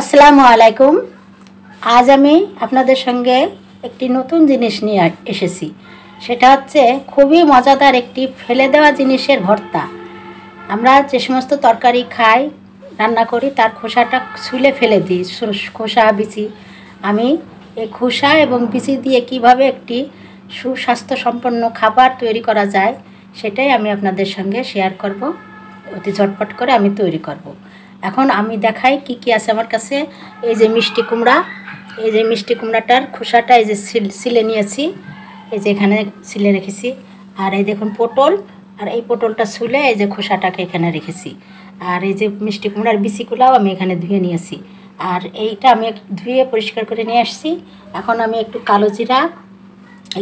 আসসালামু আলাইকুম আজ আমি আপনাদের সঙ্গে একটি নতুন জিনিস নিয়ে এসেছি সেটা হচ্ছে খুবই মজাদার একটি ফেলে দেওয়া জিনিসের ভর্তা আমরা যে সমস্ত তরকারি খাই রান্না করি তার খোসাটা ছুলে ফেলে দিই খোসা বিচি আমি এই খোসা এবং বিচি দিয়ে কিভাবে একটি সুস্বাস্থ্য সম্পন্ন খাবার তৈরি করা যায় সেটাই আমি আপনাদের সঙ্গে শেয়ার করব অতি ঝটপট করে আমি তৈরি করব এখন আমি দেখাই কি কি আছে আমার কাছে এই যে মিষ্টি কুমড়া এই যে মিষ্টি কুমড়াটার খোসাটা এই যে সিলে নিয়েছি এই যে এখানে সিলে রেখেছি আর এই দেখুন পটল আর এই পটলটা ছুলে এই যে খোসাটাকে এখানে রেখেছি আর এই যে মিষ্টি কুমড়ার বিচিগুলাও আমি এখানে ধুয়ে নিয়েছি আর এইটা আমি ধুয়ে পরিষ্কার করে নিয়ে আসছি এখন আমি একটু কালো জিরা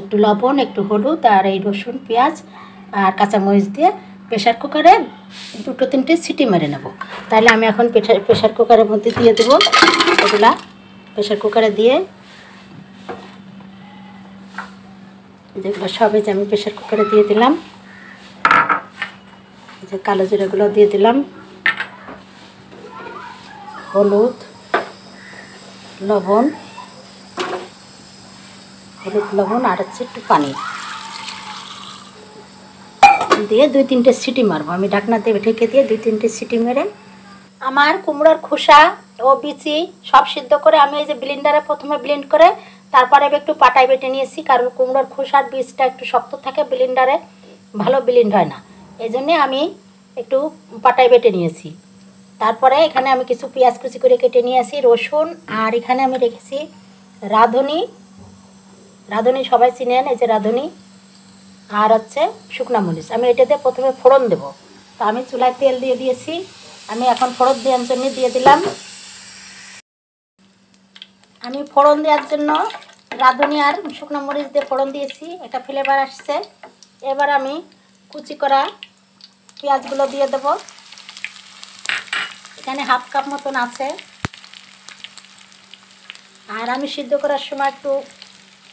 একটু লবণ একটু হলুদ আর এই রসুন পেঁয়াজ আর কাঁচামরিচ দিয়ে প্রেশার কুকারে দুটো তিনটে সিটি মেরে নেব তাহলে আমি এখন প্রেশার প্রেশার কুকারের মধ্যে দিয়ে দেবো এগুলা প্রেশার কুকারে দিয়ে যেগুলো সবে যে আমি প্রেশার কুকারে দিয়ে দিলাম যে কালো জিরাগুলো দিয়ে দিলাম হলুদ লবণ হলুদ লবণ আর হচ্ছে একটু পানি দিয়ে দুই তিনটে সিটি মারবো আমি ঢাকনা দিয়ে ঢেকে দিয়ে দুই তিনটে সিটি মেরে আমার কুমড়োর খোসা ও বিচি সব সিদ্ধ করে আমি এই যে ব্লিন্ডারে প্রথমে ব্লিন্ড করে তারপরে আমি একটু পাটায় বেটে নিয়েছি কারণ কুমড়োর খোসার বীজটা একটু শক্ত থাকে ব্লিন্ডারে ভালো ব্লিন্ড হয় না এই জন্যে আমি একটু পাটায় বেটে নিয়েছি তারপরে এখানে আমি কিছু পেঁয়াজ কুচি করে কেটে নিয়ে আসি রসুন আর এখানে আমি রেখেছি রাঁধুনি রাঁধুনি সবাই চিনেন এই যে রাঁধুনি আর হচ্ছে শুকনো মরিচ আমি এটাতে প্রথমে ফোড়ন দেব তো আমি চুলায় তেল দিয়ে দিয়েছি আমি এখন ফোড়ন দেওয়ার জন্য দিয়ে দিলাম আমি ফোড়ন দেওয়ার জন্য রাঁধুনি আর শুকনো মরিচ দিয়ে ফোড়ন দিয়েছি এটা ফ্লেভার আসছে এবার আমি কুচি করা পেঁয়াজগুলো দিয়ে দেব এখানে হাফ কাপ মতন আছে আর আমি সিদ্ধ করার সময় একটু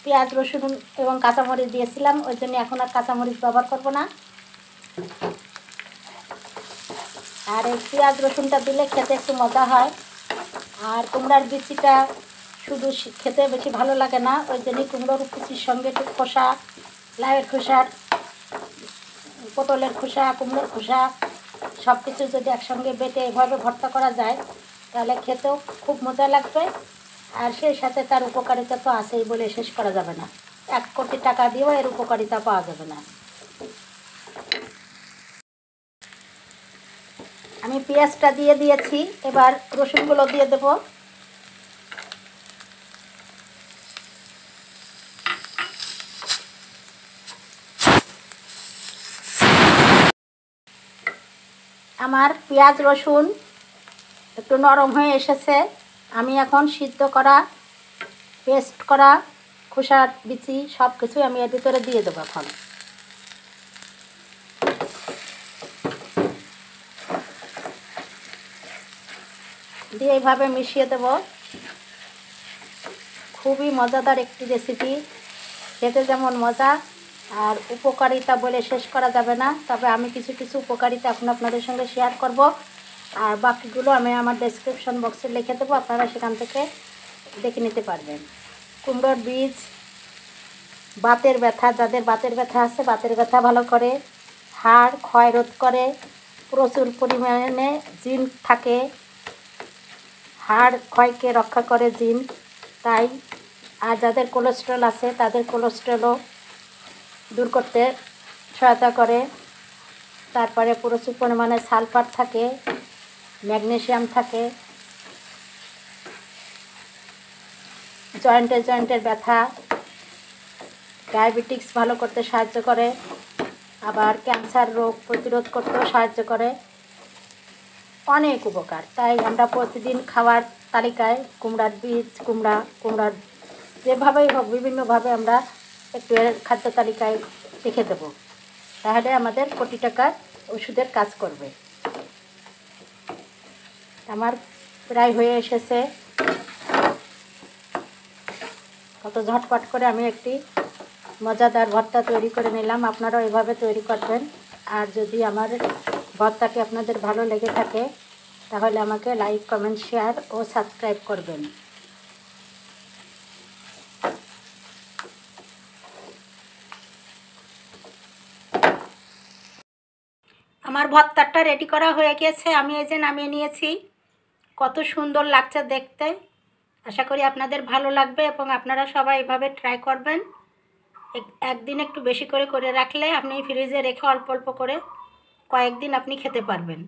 পেঁয়াজ রসুন এবং কাঁচামরিচ দিয়েছিলাম ওই জন্য এখন আর কাঁচামরিচ ব্যবহার করব না আর এই পেঁয়াজ রসুনটা দিলে খেতে একটু মজা হয় আর কুমড়ার বিচিটা শুধু খেতে বেশি ভালো লাগে না ওই জন্যই কুমড়োর কুচির সঙ্গে একটু খোসা লাউয়ের খোসার পটলের খোসা কুমড়োর খোসা সব কিছু যদি একসঙ্গে বেটে এভাবে ভর্তা করা যায় তাহলে খেতেও খুব মজা লাগবে আর সেই সাথে তার উপকারিতা তো আছেই বলে শেষ করা যাবে না এক কোটি টাকা দিয়েও এর উপকারিতা পাওয়া যাবে না আমি পেঁয়াজটা দিয়ে দিয়েছি এবার রসুনগুলো দিয়ে দেব আমার পেঁয়াজ রসুন একটু নরম হয়ে এসেছে আমি এখন সিদ্ধ করা পেস্ট করা খোসার বিচি সব কিছুই আমি এর ভিতরে দিয়ে দেবো এখন দিয়ে এইভাবে মিশিয়ে দেব খুবই মজাদার একটি রেসিপি খেতে যেমন মজা আর উপকারিতা বলে শেষ করা যাবে না তবে আমি কিছু কিছু উপকারিতা এখন আপনাদের সঙ্গে শেয়ার করব আর বাকিগুলো আমি আমার ডেসক্রিপশন বক্সে লিখে দেবো আপনারা সেখান থেকে দেখে নিতে পারবেন কুমড়োর বীজ বাতের ব্যথা যাদের বাতের ব্যথা আছে বাতের ব্যথা ভালো করে হাড় ক্ষয় রোধ করে প্রচুর পরিমাণে জিন থাকে হাড় ক্ষয়কে রক্ষা করে জিন তাই আর যাদের কোলেস্ট্রল আছে তাদের কোলেস্ট্রলও দূর করতে সহায়তা করে তারপরে প্রচুর পরিমাণে সালফার থাকে ম্যাগনেশিয়াম থাকে জয়েন্টে জয়েন্টের ব্যথা ডায়াবেটিক্স ভালো করতে সাহায্য করে আবার ক্যান্সার রোগ প্রতিরোধ করতেও সাহায্য করে অনেক উপকার তাই আমরা প্রতিদিন খাওয়ার তালিকায় কুমড়ার বীজ কুমড়া কুমড়ার যেভাবেই হোক বিভিন্নভাবে আমরা একটু খাদ্য তালিকায় রেখে দেবো তাহলে আমাদের কোটি টাকার ওষুধের কাজ করবে আমার প্রায় হয়ে এসেছে কত ঝটপট করে আমি একটি মজাদার ভর্তা তৈরি করে নিলাম আপনারাও এভাবে তৈরি করবেন আর যদি আমার ভর্তাটি আপনাদের ভালো লেগে থাকে তাহলে আমাকে লাইক কমেন্ট শেয়ার ও সাবস্ক্রাইব করবেন আমার ভর্তারটা রেডি করা হয়ে গেছে আমি এই যে নামিয়ে নিয়েছি কত সুন্দর লাগছে দেখতে আশা করি আপনাদের ভালো লাগবে এবং আপনারা সবাই এভাবে ট্রাই করবেন একদিন একটু বেশি করে করে রাখলে আপনি ফ্রিজে রেখে অল্প অল্প করে কয়েকদিন আপনি খেতে পারবেন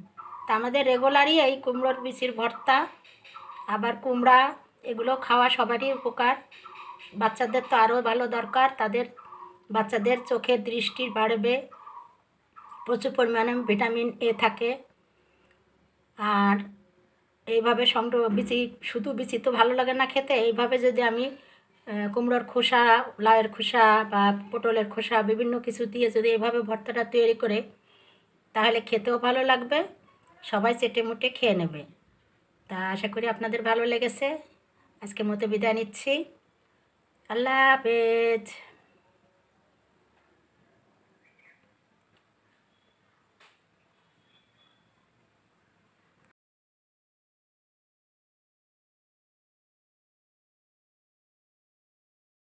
তা আমাদের রেগুলারই এই কুমড়োর বিচির ভর্তা আবার কুমড়া এগুলো খাওয়া সবারই উপকার বাচ্চাদের তো আরও ভালো দরকার তাদের বাচ্চাদের চোখের দৃষ্টি বাড়বে প্রচুর পরিমাণে ভিটামিন এ থাকে আর এইভাবে সংগ্রহ বিচি শুধু বিচি তো ভালো লাগে না খেতে এইভাবে যদি আমি কুমড়োর খোসা লাউয়ের খোসা বা পটলের খোসা বিভিন্ন কিছু দিয়ে যদি এভাবে ভর্তাটা তৈরি করে তাহলে খেতেও ভালো লাগবে সবাই চেটে মুটে খেয়ে নেবে তা আশা করি আপনাদের ভালো লেগেছে আজকে মতো বিদায় নিচ্ছি আল্লাহ হাফেজ